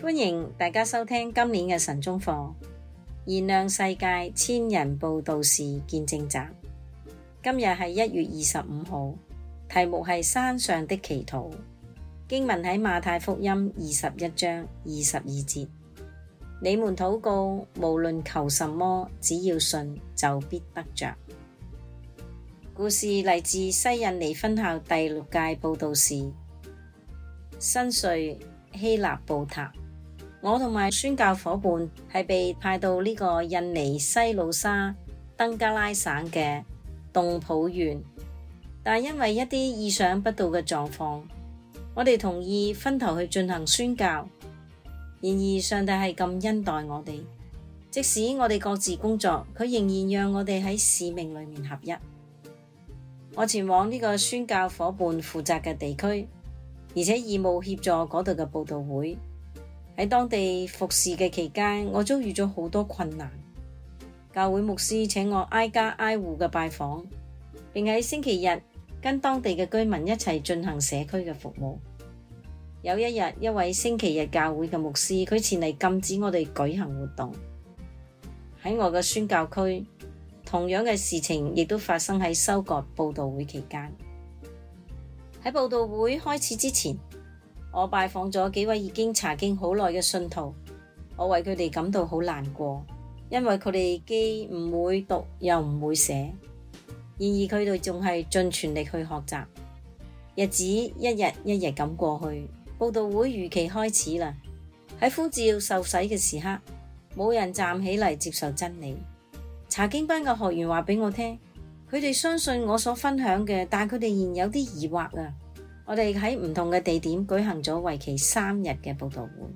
歡迎大家收聽今年嘅晨鐘課，燃亮世界千人佈道士見證集。今日係一月二十五號，題目係山上的祈禱，經文喺馬太福音二十一章二十二節。你們禱告，無論求什麼，只要信，就必得着。故事嚟自西印尼分校第六屆佈道士，新瑞希納布塔。我同埋宣教夥伴係被派到呢個印尼西努沙登加拉省嘅洞普縣，但因為一啲意想不到嘅狀況，我哋同意分頭去進行宣教。然而上帝係咁恩待我哋，即使我哋各自工作，佢仍然讓我哋喺使命裏面合一。我前往呢個宣教夥伴負責嘅地區，而且義務協助嗰度嘅佈道會。喺當地服侍嘅期間，我遭遇咗好多困難。教會牧師請我挨家挨戶嘅拜訪，並喺星期日跟當地嘅居民一齊進行社區嘅服務。有一日，一位星期日教會嘅牧師，佢前嚟禁止我哋舉行活動。喺我嘅宣教區，同樣嘅事情亦都發生喺收割布道會期間。喺布道會開始之前，我拜訪咗幾位已經查經好耐嘅信徒，我為佢哋感到好難過，因為佢哋既唔會讀又唔會寫，然而佢哋仲係盡全力去學習。日子一日一日咁過去，布道會如期開始啦。喺呼召受洗嘅時刻，冇人站起嚟，接受真理。查經班嘅學員話俾我聽，佢哋相信我所分享嘅，但佢哋仍有啲疑惑啊。我哋喺唔同嘅地點舉行咗為期三日嘅佈道會。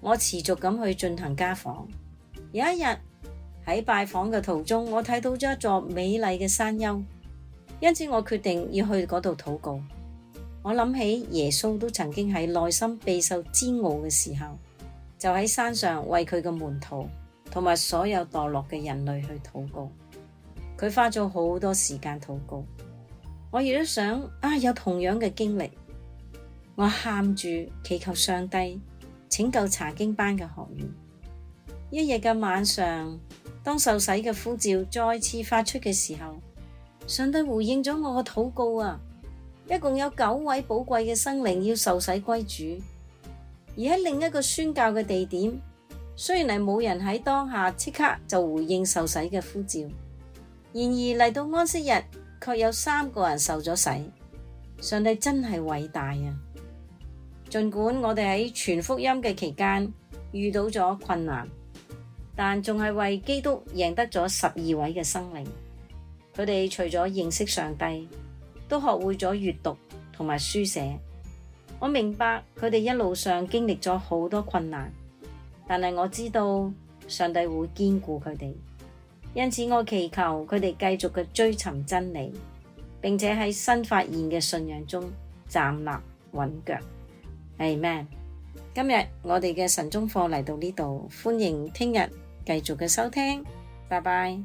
我持續咁去進行家訪。有一日喺拜訪嘅途中，我睇到咗一座美麗嘅山丘，因此我決定要去嗰度禱告。我諗起耶穌都曾經喺內心備受煎熬嘅時候，就喺山上為佢嘅門徒同埋所有墮落嘅人類去禱告。佢花咗好多時間禱告。我亦都想啊，有同樣嘅經歷。我喊住祈求上帝拯救查經班嘅學員。一日嘅晚上，當受洗嘅呼召再次發出嘅時候，上帝回應咗我嘅禱告啊！一共有九位寶貴嘅生靈要受洗歸主。而喺另一個宣教嘅地點，雖然係冇人喺當下即刻就回應受洗嘅呼召，然而嚟到安息日。卻有三個人受咗洗，上帝真係偉大啊！盡管我哋喺全福音嘅期間遇到咗困難，但仲係為基督贏得咗十二位嘅生靈。佢哋除咗認識上帝，都學會咗閱讀同埋書寫。我明白佢哋一路上經歷咗好多困難，但係我知道上帝會堅固佢哋。因此，我祈求佢哋繼續嘅追尋真理，並且喺新發現嘅信仰中站立穩腳。Amen。今日我哋嘅晨鐘課嚟到呢度，歡迎聽日繼續嘅收聽。拜拜。